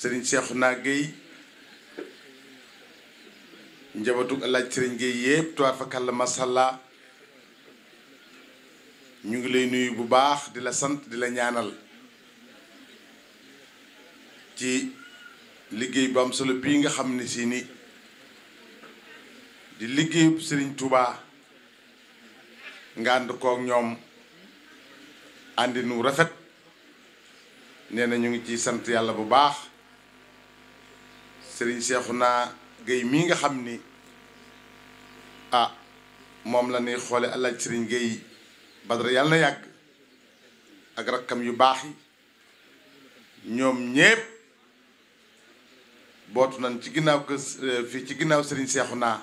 sëriñ Cheikhouna Gueye njabatug alaaj sëriñ Gueye yëpp tuwaar fa kàll masalla ñu ngi lay nuyu bu baax di la sant di la ñaanal ci liggéey bu am solo bii nga xam ne si ni di liggéeyub sëriñ Touba nga ànd kook ñoom àndi nu rafet nee na ñu ngi ci sant yàlla bu baax seexu naa Gueye mii nga xam ni ah moom la ne xoole alaaj Serigne Gueye Badara yàlla na yàgg ak rakkam yu baax yi ñoom ñépp bootu nañ ci ginnaaw kër euh, fii ci ginnaaw seexu naa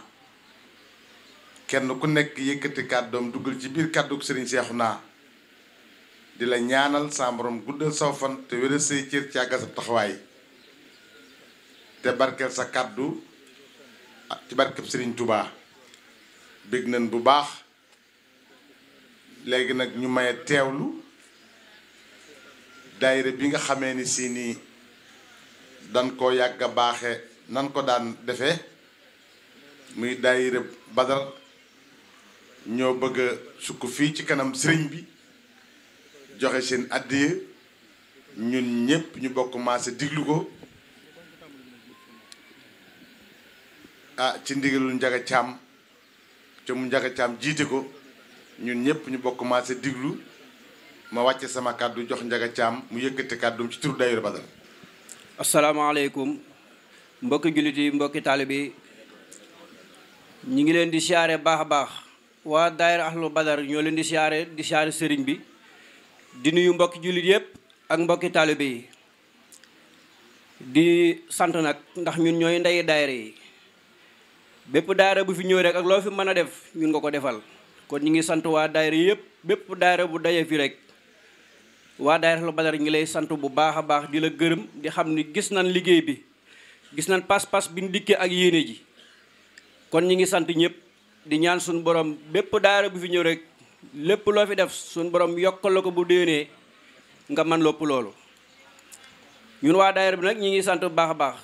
kenn ku nekk yëkkati doom duggal ci biir kàddug seexu naa di la ñaanal sa borom guddal saw fan te wéral say cër ci àggasab taxawaay te barkeel sa kàddu ci barkeb Sëriñ Tubaa bég nañ bu baax léegi nag ñu maye teewlu dayre bi nga xamee ni si nii dan ko yàgg a baaxe nan ko daan defee muy daayira Badar ñoo bëgg sukk fii ci kanam sëriñ bi joxe seen addiya ñun ñépp ñu bokk maase diglu ko ah ci ndigalul Njaga Caam ca mu Njaga Caam jiite ko ñun ñëpp ñu bokk maase diglu ma wàcce sama kàddu jox Njaga Caam mu yëkkati kàddum ci tur daayira Badar asalaamaaleykum mbokki jullit yi mbokki taalibe yi ñu ngi leen di siyaare baax a baax waa daayira ahlu Badar ñoo leen di siyaare di siyaare sëriñ bi di nuyu mbokki jullit yépp ak mbokki taalibe yi di sant nag ndax ñun ñooy ndeyi daayira yi bépp daara bu fi ñëw rek ak loo fi mën a def ñun nga ko defal kon ñu ngi sant waa daayira yëpp bépp daayira bu daje fi rek waa daayira Badar ñu ngi lay sant bu baax a baax di la gërëm di xam ni gis nañ liggéey bi gis nañ pas-pas bi ñu dikkee ak yéene ji kon ñu ngi sant ñëpp di ñaan suñu borom bépp daara bu fi ñëw rek lépp loo fi def suñu borom yokkal la ko bu déenee nga man lopp loolu ñun waa daayira bi nag ñu ngi sant bu baax a baax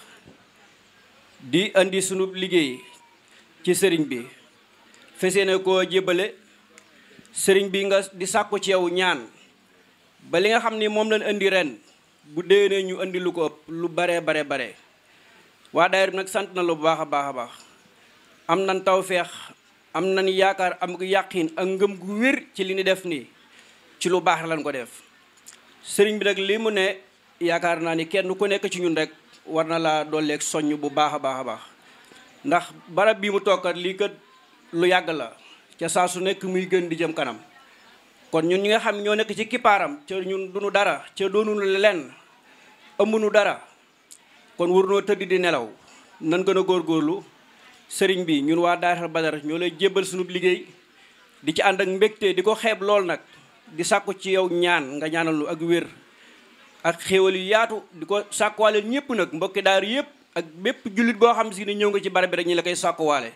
di indi sunu liggéey ci sëriñ bi fesee ne koo jébbale sëriñ bi nga di sàkku ci yow ñaan ba li nga xam ni moom lañ indi ren bu déwénee ñu indi lu ko ëpp lu baree bare bare waa daayira bi nag sant na lu bu baax a baax a baax am nañ tawfeex am nañ yaakaar am gu yàqin ak ngëm gu wér ci li ñu def nii ci lu baax lañ ko def sëriñ bi nag li mu ne yaakaar naa ni kenn ku nekk ci ñun rek war na laa dolleeg soññ bu baax a baax a baax ndax barab bi mu toog lii kat lu yàgg la ca saa su nekk muy gën di jëm kanam kon ñun ñi nga xam ñoo nekk ci kippaaram ca ñun duñu dara ca doonunu lenn ëmbunu dara kon warunoo tëdd di nelaw nan gën a góorlu sëriñ bi ñun waa Daahira Badar ñoo lay jébbal sunu liggéey di ci ànd ak mbégte di ko xeeb lool nag di sàkku ci yow ñaan nga ñaanal ak wér ak xéewal yu yaatu di ko sàkkuwaale ñëpp nag mbokki daar yëpp ak bépp jullit boo xam si ne ñëw nga ci barab bi rek la koy sàkkuwaale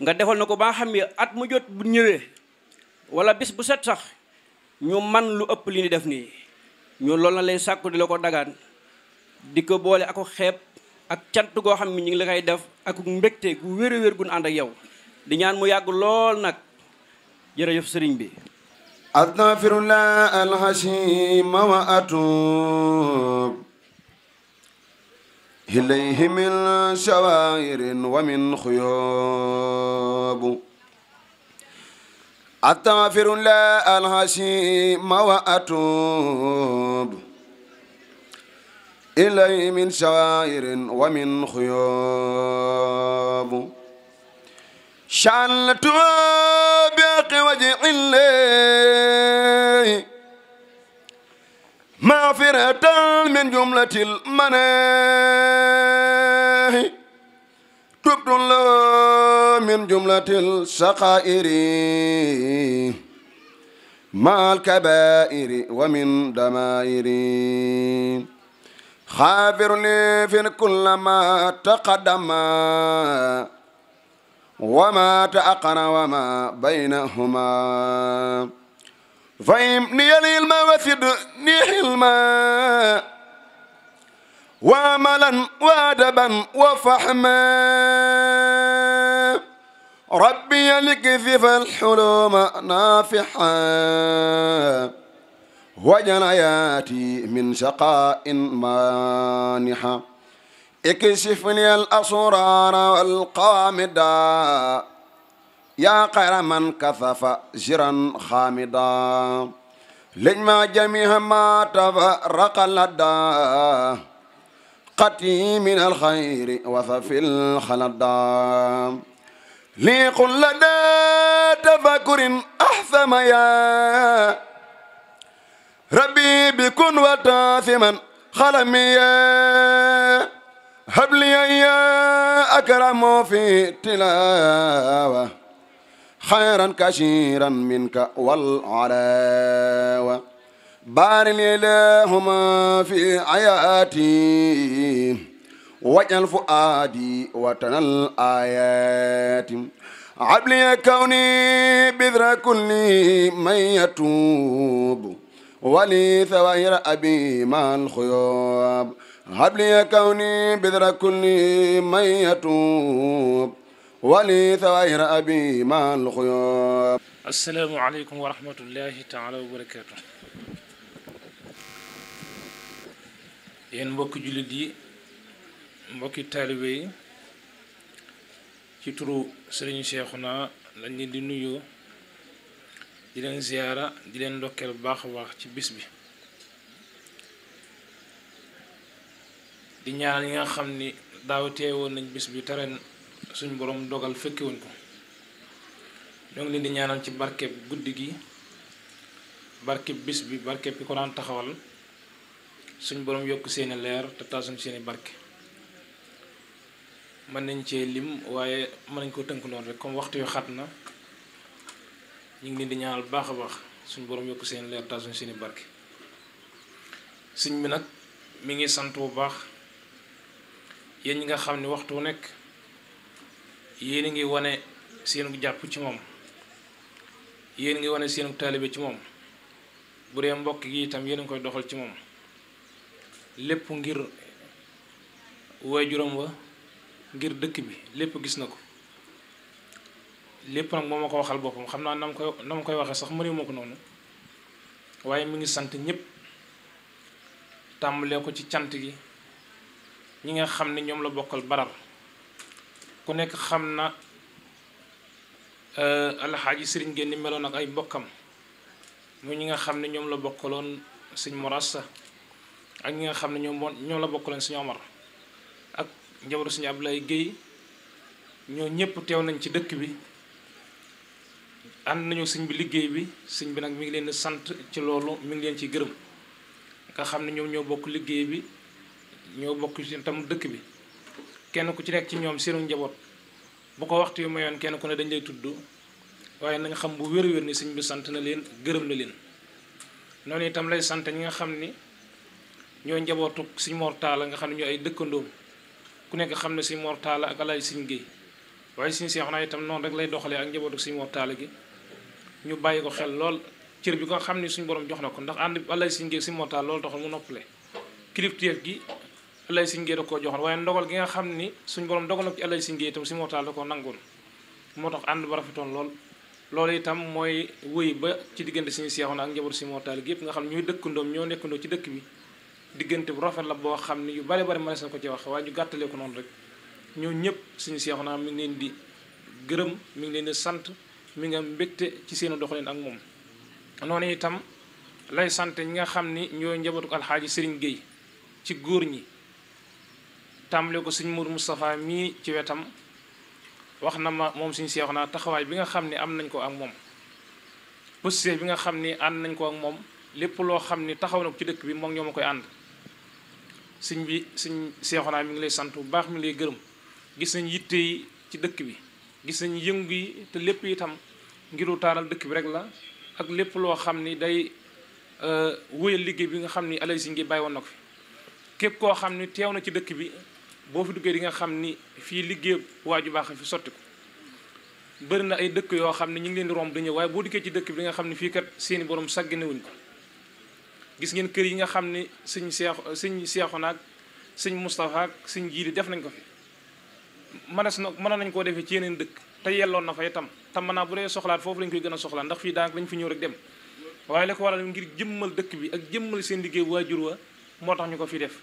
nga defal na ko baa xam ne at mu jot bu ñëwee wala bés bu set sax ñu man lu ëpp li ñu def nii ñu loolu na lay sàkku di la ko dagan di ko boole ako xeeb ak cant goo xam ne ñu ngi la koy def ak mbégte gu wér a wér gun ànd ak yow di ñaan mu yàgg lool nag jërëjëf sëriñ bi astaghfirullah alhashim wa atub إليه من شوائر ومن خيوب أتغفر لا الهشيم وأتوب إليه من شوائر ومن خيوب شعلت بأقوى جعله من جملة المناهي تبت له من جملة السقائر مع الكبائر ومن دمائر خافر لي في كل ما تقدم وما تأقن وما بينهما فإمني للما وسدني حلما وعملا وادبا وفحما ربي لكثف الحلوم نافحا وجنياتي من شقاء مانحا اكشف لي الاسرار والقامدا يا خير من كثف جرا خامدا لجمع جميع ما تفرق لدى قتي من الخير وثفي الخلدام ليق لدى تفكر أحثم يا ربي بكن وتاثما خلمي يا هب لي يا أكرم في التلاوة خيرا كثيرا منك والعلاوة بارك لهما في حياتي واجعل فؤادي وطنا الآيات عبلي كوني بذر كل من يتوب ولي ثوائر أبي مع الخيوب عبلي كوني بذر كل من يتوب ولي ثوائر أبي مع الخيوب السلام عليكم ورحمة الله تعالى وبركاته yéen mbokki jullit yi mbokki taalibe yi ci turu sëriñ naa lañ leen di nuyoo di leen ziyaara di leen ndokkeel bu baax a baax ci bis bi di ñaanal yi nga xam ni daaw teewoon nañ bis bi taren suñ boroom dogal fekkiwuñ ko ñoo ngi leen di ñaanal ci barkeb guddi gi barkeb bis bi barkeb bi ko daan taxawal suñ borom yokk seeni leer te taasuñ seeni barke mën nañ cee lim waaye mën nañ koo tënk noonu rek comme waxtu yu xat na ñu ngi leen di ñaanal baax a baax suñ borom yokk seeni leer taasuñ seeni barke suñ bi nag mi ngi sant bu baax yéen ñi nga xam ni waxtu wu nekk yéen a ngi wane seenu jàpp ci moom yéen ngi wane seenu taalibe ci moom bu dee mbokk gi itam yéen a ngi koy doxal ci moom lépp ngir juróom wa ngir dëkk bi lépp gis na ko lépp nag moom ma ko waxal boppam xam naa na ma koy na ma koy waxee sax mënee ma ko noonu waaye mi ngi sant ñëpp tàmbalee ko ci cant gi ñi nga xam ne ñoom la bokkal baral ku nekk xam na yi euh, sëriñ génn meloon ak ay mbokkam mu ñi nga xam ne ñoom la bokkaloon sëñ morassa ak ñi nga xam ne ñoom ñoo la bokk leen suñu Omar ak njabootu suñu lay géey ñoo ñëpp teew nañ ci dëkk bi ànd nañu suñ bi liggéey bi sëñ bi nag mi ngi leen sant ci loolu mi ngi leen ci gërëm nga xam ne ñoom ñoo bokk liggéey bi ñoo bokk ci tam dëkk bi kenn ku ci nekk ci ñoom seenu njaboot bu ko waxtu yu mayoon kenn ku ne dañ lay tudd waaye na xam bu wér-wér ni sëñ bi sant na leen gërëm na leen noonu itam lay sant ñi nga xam ni ñoo njabootu Sëñ Mor Talla nga xam ne ñoo ay dëkkandoom ku nekk xam ne Sëñ Mor Talla ak Alaaji Sëñ Géey waaye Sëñ Seexuna itam noonu rek lay doxalee ak njabootu Sëñ Mor Talla gi ñu bàyyi ko xel lool cër bi ko xam ne suñu borom jox na ko ndax ànd Alaaji Sëñ Géey Sëñ Mor Talla loolu taxoon mu noppale kilifteef gi Alaaji Sëñ Géey koo joxoon waaye ndogal gi nga xam ni suñu borom dogal na ci Alaaji Sëñ Géey itam Sëñ Mor koo nangoon moo ànd ba rafetoon lool loolu itam mooy wéy ba ci diggante Sëñ Seexuna ak njabootu Sëñ Mor nga xam ne ñooy dëkkandoom ñoo nekkandoo ci dëkk bi diggante bu rafet la boo xam ne yu bari bari mënees na ko ci wax waaye ñu gàttalee ko noonu rek ñoo ñëpp suñu seexu naa mi ngi leen di gërëm mi ngi leen di sant mi nga mbégte ci seen doxalin ak moom noonu itam lay sant ñi nga xam ni ñooy njabootu alxaaji Serigne Gueye ci góor ñi tàmbale ko suñ muur Moustapha mii ci wetam wax na ma moom suñu seexu naa taxawaay bi nga xam ne am nañ ko ak moom posture bi nga xam ni ànd nañ ko ak moom lépp loo xam ni taxaw na ko ci dëkk bi moom ñoo ma koy ànd sëñ bi sëñ Seexuna mi ngi lay sant bu baax mi lay gërëm gis nañ yitte yi ci dëkk bi gis nañ yëngu yi te lépp itam ngiru taaral dëkk bi rek la ak lépp loo xam ni day euh, wóyal liggéey bi nga xam ni alay si ngi bàyyi woon na ko fi képp koo xam ni teew na ci dëkk bi boo fi duggee di nga xam ni fii liggéey waa ju baax fi sotti ko bëri na ay dëkk yoo xam ne ñu ngi leen di romb dañëw waaye boo dikkee ci dëkk bi di nga xam ne fii kat seeni borom sàggane wuñ ko gis ngeen kër yi nga xam ne sëñ seexu sëñ seexu naag sëñ Moustapha ak sëñ jiili def nañ ko fi mënees na mënoon nañ koo defee ci yeneen dëkk te yelloon na fa itam te mën naa bu dee soxlaat foofu lañ koy gën a soxlaat ndax fii daanaka dañ fi ñëw rek dem waaye la ko waral ngir jëmmal dëkk bi ak jëmmal seen liggéey waajur wa moo tax ñu ko fi def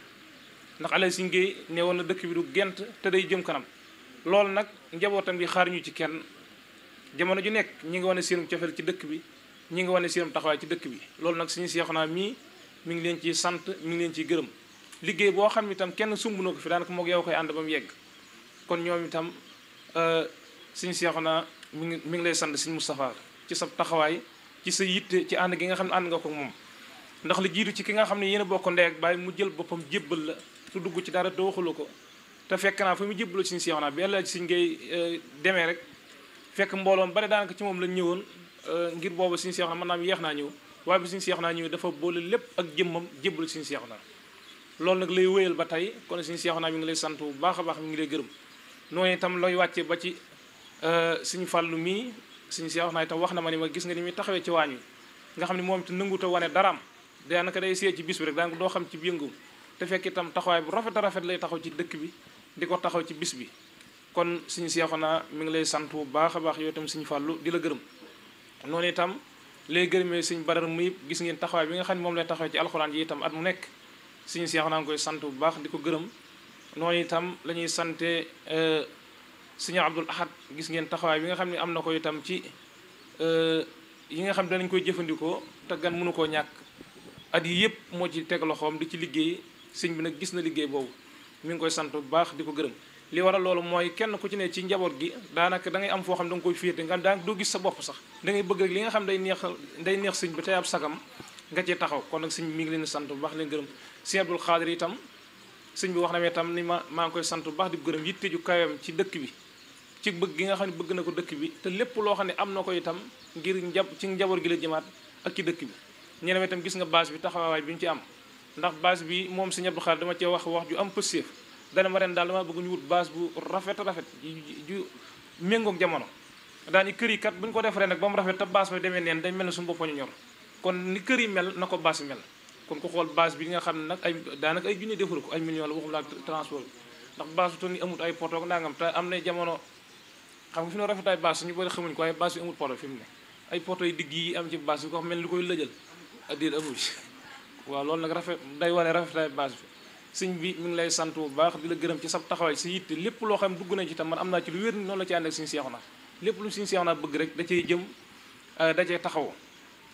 ndax alal si ngéey ne woon na dëkk bi du gent te day jëm kanam loolu nag njabootam gi xaar ñu ci kenn jamono ju nekk ñu ngi wane seenum cofeel ci dëkk bi ñi ngi wane seenum taxawaay ci dëkk bi loolu nag suñu seexu naa mii mi ngi leen ciy sant mi ngi leen ciy gërëm liggéey boo xam ne itam kenn sumbuna ko fi daanaka moog yow koy ànd ba mu yegg kon ñoom itam euh, suñu seexu naa mi ngi mi ngi lay sant mu Moustapha ci sa taxawaay ci sa yitte ci ànd gi nga xam ne ànd nga ko moom ndax li jiitu ci ki nga xam ne yéen a bokk ndey ak bàyyi mu jël boppam jébbal la su dugg ci dara te waxula ko te fekk naa fa mu jébbaloo suñu seexu naa bi yàlla ci suñ ngay euh, demee rek fekk mbooloom bari daanaka ci moom lañ ñëwoon euh, ngir boobu suñu seexu naa mën naa am naa ñëw waaye bi siñ seex naa ñëwee dafa boole lépp ak jëmmam jébbal suñu seex naa loolu nag lay wéyal ba tey kon suñu seex naa ngi lay sant bu baax a baax mi ngi lay gërëm noonu itam looy wàcce ba ci euh, suñu fàllu mii suñu seex naa itam wax na ma ni ma gis nga ni muy taxawee ci waañ wi nga xam ne moom itam nanguta wane daraam daanaka day seet ci bis rek daanaka doo xam ci yëngu te fekk itam taxawaay bu rafet a lay taxaw ci dëkk bi di ko taxaw ci bis bi kon suñu seexu naa mu ngi lay sant bu baax a baax yow itam suñu fàllu di la gërëm noonu itam léegi gërëmee suñ badar mu yëpp gis ngeen taxawaay bi nga xam ne moom lay taxawee ci alxuraan yi itam at mu nekk suñu seex naa ngi koy sant bu baax di ko gërëm noonu itam la sante euh, suñu abdul axat gis ngeen taxawaay bi nga xam ne am na ko itam ci euh, yi nga xam ne danañ koy jëfandikoo te gan mënu koo ñàkk at yi yëpp moo ci teg loxoom di ci liggéey sëñ bi nag gis na liggéey boobu mu ngi koy sant bu baax di ko gërëm li war a loolu mooy kenn ku ci ne ci njaboot gi daanaka dangay am foo xam da nga koy féete nga daanaka doo gis sa bopp sax da bëgg rek nga xam day neex day neex sëñ bi tey ab sagam nga cee taxaw kon nag sëñ mi ngi leen sant bu baax leen gërëm sëñ Abdul Xaadir itam sëñ bi wax na itam ni ma maa ngi koy sant baax di gërëm yitte ju kawam ci dëkk bi ci bëgg gi nga xam ne bëgg na ko dëkk bi te lépp loo xam ne am na ko itam ngir njab ci njaboot gi la jëmaat ak ci dëkk bi ñeneen itam gis nga base bi taxawaay bi ñu ci am ndax base bi moom sëñ Abdul Xaadir dama cee wax wax ju am pëseef dana ma ren daal dama bëgg ñu wut base bu rafet rafet ju méngoog jamono ni kër yi kat bu ñu ko defaree nag ba mu rafet te base ba demee neen dañ mel ne suñu bopp ñu ñor kon ni kër yi mel na ko base yi mel kon ko xool base nga xam ne nag ay daanaka ay junni defar ko ay millions la waxum laa transport ndax base bu toll nii am na jamono xam nga fi ñu rafetaay base ñu bari xamuñ ko waaye base bi amut poto fi mu ne ay poto yi digg yi am ci base bi ko xam mel ni koy lëjal addiir ah, amu ci waaw loolu nag rafet day wane rafetaay baas bi sëñ bi mi ngi lay sant bu baax di la gërëm ci sab taxawaay si yitte lépp loo xam dugg nañ ci tam man am naa ci lu wér ni noonu la ci ànd ak sëñ Seexuna lépp bëgg rek da cay jëm euh, da taxaw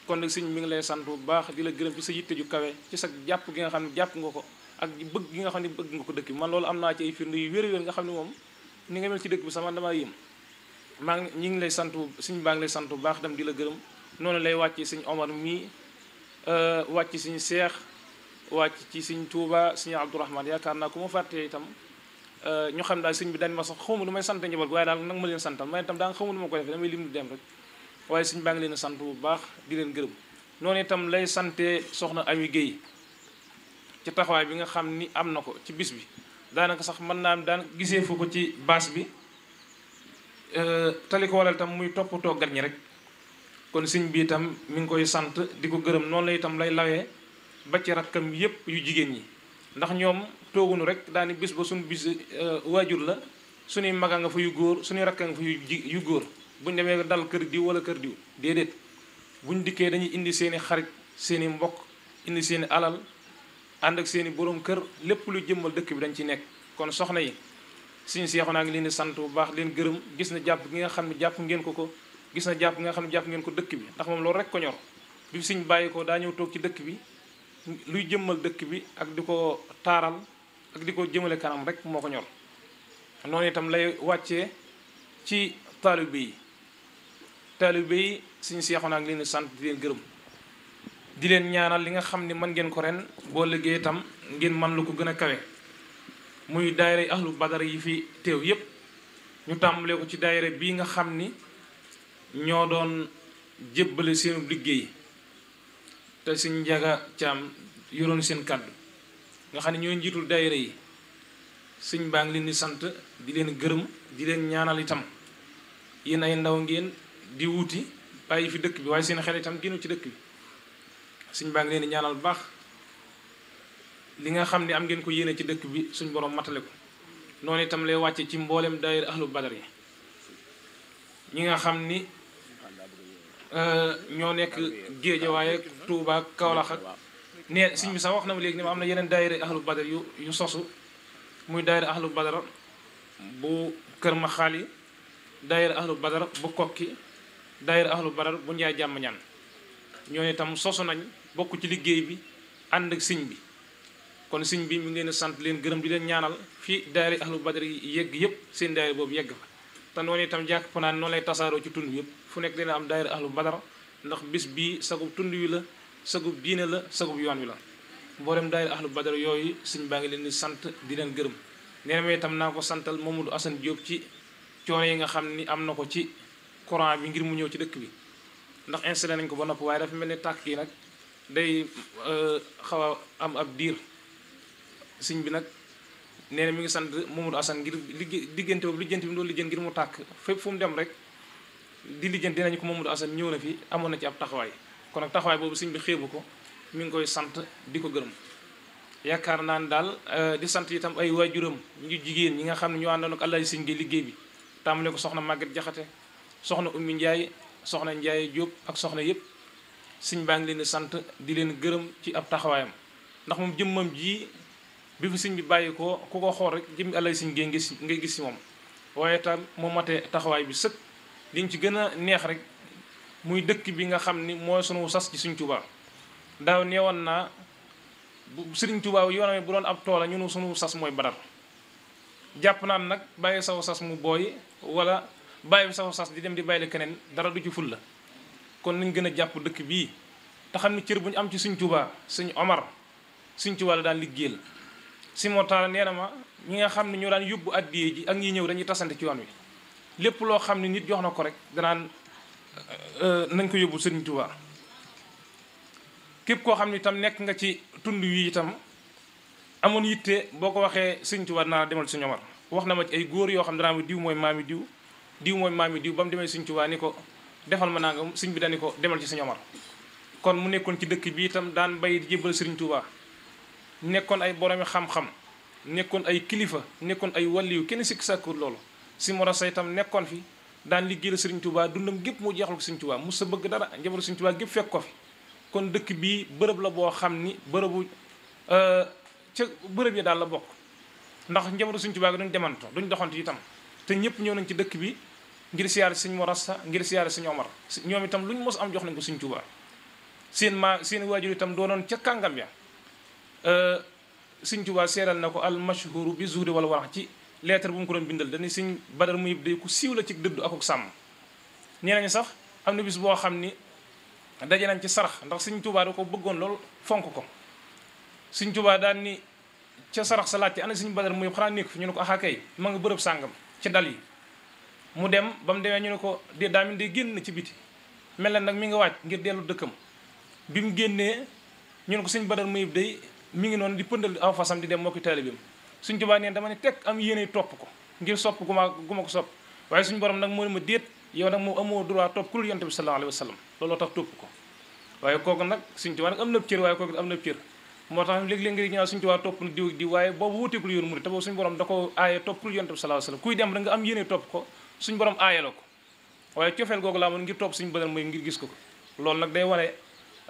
kon nag sëñ mi ngi lay sant bu baax di la gërëm ci sa yitte ju kawe ci sa jàpp gi nga xam ne jàpp nga ko ak bëgg gi nga xam ne bëgg nga ko dëkk bi loolu am naa ci ay firnde yu wér wér nga xam ne moom ni nga mel ci dëkk bi sama damaa yëm maa ngi ñi ngi lay sant sëñ baa ngi lay sant bu baax dem di la gërëm noonu lay wàcce sëñ Omar mii euh, wàcc sëñ Seex wàcc ci sëñ Tuuba sëñ Abdourahman yaakaar naa ko ma fàtte itam euh, ñu xam daal sëñ bi dañ ma sax xawma lu may sant njaboot waaye daal nag ma leen santal ma itam daanga xawma lu ma ko defee damay lim di dem rek waaye sëñ baa ngi leen sant bu baax di leen gërëm noonu itam lay sante soxna Ami géey ci taxawaay bi nga xam ni am na ko ci bis bi daanaka sax mën naa am daan gisee fu ko ci baas bi euh, tali ko walal itam muy toppatoo gan ñi rek kon sëñ bi itam mu ngi koy sant di ko gërëm noonu la itam lay lawee ba ci rakkam yépp yu jigéen ñi ndax ñoom toogunu rek daani bis ba suñu bis waajur la suñuy maga nga fa yu góor suñuy rakka nga fa yu yu góor buñ demee dal kër diw wala kër diw déedéet buñ dikkee dañuy indi seeni xarit seeni mbokk indi seeni alal ànd ak seeni borom kër lépp lu jëmmal dëkk bi dañ ci nekk kon soxna yi suñu seexu naa ngi leen di sant bu baax leen gërëm gis na jàpp gi nga xam ne jàpp ngeen ko ko gis na jàpp gi nga xam ne jàpp ngeen ko dëkk bi ndax moom loolu rek ko ñor bi suñ bàyyi ko daa ñëw toog ci dëkk bi luy jëmmal dëkk bi ak di ko taaral ak di ko jëmale kanam rek moo ko ñor noonu itam lay wàcce ci taalibe yi taalibe yi suñu seexoon ak leen sant di leen gërëm di leen ñaaral li nga xam ne mën ngeen ko ren boo liggéey itam ngeen man lu ko gën a kawe muy daayira ahlu badar yi fi teew yépp ñu tàmbalee ko ci daayira bii nga xam ni ñoo doon jébbale seenu liggéey te suñ njaga caam yoroon seen kàddu nga xam ne ñoo njiitul daayira yi suñ baa ngi leen di sant di leen gërëm di leen ñaanal itam yéen ay ndaw ngeen di wuti bàyyi fi dëkk bi waaye seen xel itam génnu ci dëkk bi suñ baa ngi leen di ñaanal baax li nga xam ni am ngeen ko yéene ci dëkk bi suñ borom matale ko noonu itam lay wàcce ci mbooleem daayira ahlu badar yi ñi nga xam ni Euh, ñoo nekk Géejawaay ak Touba ak Kaolack ak sëñ bi sax wax na ma léegi ne ma am na yeneen daayira ahlu badar yu yu sosu muy daayira ahlu badar bu Kër Maxaali daayira ahlu badar bu Kokki daayira ahlu badar bu Njaay jàmm ñan ñoo ne itam sosu nañ bokk ci liggéey bi ànd ak sëñ bi kon sëñ bi mu ngi leen a sant leen gërëm di leen ñaanal fii daayira ahlu badar yi yegg yëpp seen daayira boobu yegg fa te noonu itam jàpp naa noonu lay tasaaroo ci tund yëpp fu nekk dina am daayira ahlu badar ndax bis bii sagub tund wi la sagub diine la sagub yoon wi la mboolem daayira axlu badar yooyu suñ baa ngi leen di sant di leen gërëm nee na itam naa ko santal Mamadou Assane Diop ci coono yi nga xam ni am na ko ci courant bi ngir mu ñëw ci dëkk bi ndax installé nañ ko ba nopp waaye dafa mel ni tàkk yi nag day euh, xaw a am ab diir siñ bi nag nee mi ngi sant Mamadou Assane ngir liggéey diggante boobu lijjanti bi mu doon lijjanti ngir mu tàkk fépp fu mu dem rek di lijjanti dinañu ko moom Mamadou Assane ñëw na fi amoon na ci ab taxawaay kon nag taxawaay boobu sëñ bi xeebu ko mu ngi koy sant di ko gërëm yaakaar naa ne daal euh, di sant itam ay waajuram ñu jigéen ñi nga xam ne ñu àndoon ak Alaaji sëñ gi liggéey bi tàmbale ko soxna Maguette Jaxate soxna Oumy Ndiaye soxna Ndiaye Diop ak soxna yëpp sëñ baa ngi leen di sant di leen gërëm ci ab taxawaayam ndax moom jëmmam ji bi fi sëñ bi bàyyi ko ku ko xool rek jëmmi Alaaji sëñ gi ngay gis gis si moom waaye tam moo matee taxawaay bi sëkk liñ ci gën a neex rek muy dëkk bi nga xam ni mooy suñu sas ci suñ Tuubaa daaw neewoon naa bu Sëriñ Tuubaa yoonam bu doon ab toola ñunu sunu sas mooy Badar jàpp naan nag bàyyi saw sas mu booy wala bàyyi saw sas di dem di bàyyi la keneen dara du ci ful la kon nañ gën a jàpp dëkk bii te xam ne cër bu ñu am ci suñ Tuubaa suñu Omar suñ Tuubaa la daan liggéeyal si moo taala nee na ma ñi nga xam ne ñoo daan yóbbu addiyee ji ak ñi ñëw dañuy tasante ci yoon wi lépp loo xam ne nit jox na ko rek danaan euh, nañ ko yóbbu Sëriñ Tuubaa képp koo xam ne itam nekk nga ci tund wi itam amoon yitte boo ko waxee Sëriñ Tuubaa naa demal Sëriñ Omar wax na ma ci ay góor yoo xam danaa ma diw mooy maami diw diw mooy maami diw ba mu demee Sëriñ Tuubaa ni ko defal ma naa nga sëñ bi dani ko demal ci Sëriñ Omar kon mu nekkoon ci dëkk bi itam daan bay di jébbal Sëriñ Tuubaa nekkoon ay boroomi xam-xam nekkoon ay kilifa nekkoon ay wàlliyu kenn sikk sàkkul loolu si moro sa itam nekkoon fi daan liggéeyal sëriñ Touba dundam gépp mu jeexal ko sëriñ Touba mu sa bëgg dara njabaru sëriñ Touba gépp fekk ko fi kon dëkk bii bërëb la boo xam ni bërëbu euh, ca bërëb yi daal la bokk ndax njabaru sëriñ Touba gi duñ demanto duñ doxantu itam te ñëpp ñëw nañ ci dëkk bi ngir siyaare sëriñ Mor Asta ngir siyaare sëriñ ñoom itam luñ mos am jox nañ ko sëriñ Touba seen ma seen waajur itam doonoon ca kàngam ya euh, sëriñ Touba seeral na ko al mashhuru bi zuhri wala warax ci lettre bu mu ko doon bindal dañuy sëñ Badar mu yëpp day ku siiw la ci dëddu ak ak sàmm ñee nañu sax am na bis boo xam ni daje nañ ci sarax ndax sëñ Tuubaa da ko bëggoon lool fonk ko sëñ Tuubaa daan ni ca sarax sa laajte ana sëñ Badar mu yëpp xanaa nekk fi ñu ne ko axaa kay ma nga bërëb sàngam ci dal yi mu dem ba mu demee ñu ne ko de daa min de génn ci biti mel na nag mi nga waaj ngir dellu dëkkam bi mu génnee ñu ne ko sëñ Badar mu day mi ngi noonu di pëndal aw fasam di dem moo ki suñ tubaa neen dama ne teg am yéene topp ko ngir sopp gu ma gu ma ko sopp waaye suñu borom nag moo ne ma déet yow nag moom amoo droit topp ku dul yonte bi sallallahu alayhi wa sallam looloo tax topp ko waaye kooku nag suñ tubaa nag am na cër waaye kooku am na cër moo tax léeg-léeg nga ñaa suñ tubaa topp na diw di waaye boobu wuuteekul yoon murid te boobu suñu borom da ko aaye topp ku dul yonte bi sallallahu alayhi wa sallam kuy dem rek nga am yéene topp ko suñu borom aaye la ko waaye cofeel googu laa moon ngir topp suñu badar muyib ngir gis ko ko loolu nag day wane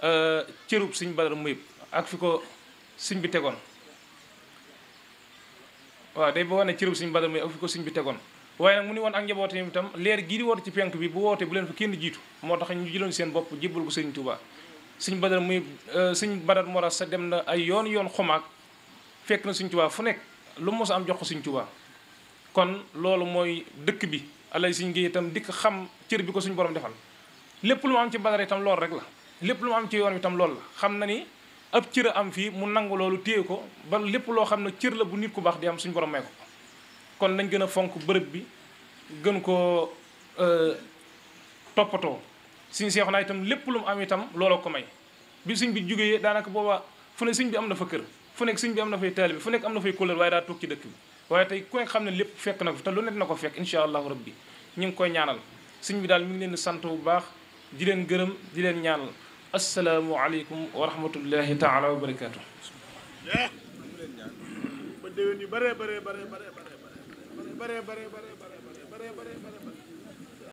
euh, cërub suñu badar muyib ak fi ko suñ bi tegoon waaw day ba wane cërub suñ badal muy ak fi ko suñ bi tegoon waaye nag mu ni woon ak njaboot yi itam leer gii di woote ci penk bi bu wootee bu leen fa kenn jiitu moo tax ñu jëloon seen bopp jébbal ko sëñ Tuubaa suñ badal muy euh, suñ badal mora sa dem na ay yoon yoon xumaak fekk na suñ Tuubaa fu nekk lu mos a am jox ko suñ Tuubaa kon loolu mooy dëkk bi alay suñ gi itam dikk xam cër bi ko suñ borom defal lépp lu mu am ci badar itam loolu rek la lépp lu am ci yoon wi itam loolu xam na ni ab cër a am fii mu nangu loolu téye ko ba lépp loo xam ne cër la bu nit ku baax di am suñ borom may ko kon nañ gën a fonk bërëb bi gën koo euh, toppatoo suñu seex naa itam lépp lu mu am itam looloo ko may bi suñ bi jógee daanaka boobaa fu ne suñ bi am na fa kër fu nekk suñ bi am na fay taalibe fu nekk am na fay couleur waaye daa toog ci dëkk bi waaye tey ku xam ne lépp fekk na ko fi te lu nekk na ko fekk incha allahu rabbi ñu ngi koy ñaanal suñ bi daal mi ngi leen sant bu baax di leen gërëm di leen ñaanal asalaamualeykum wa rahmatullahi taala wa barakaatu.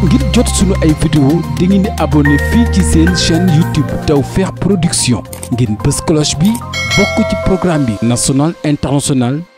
ngir jot sunu ay vidéo di ngeen di fii ci seen chaîne YouTube Tawfekh Production ngeen bës cloche bi bokk ci programme bi national international.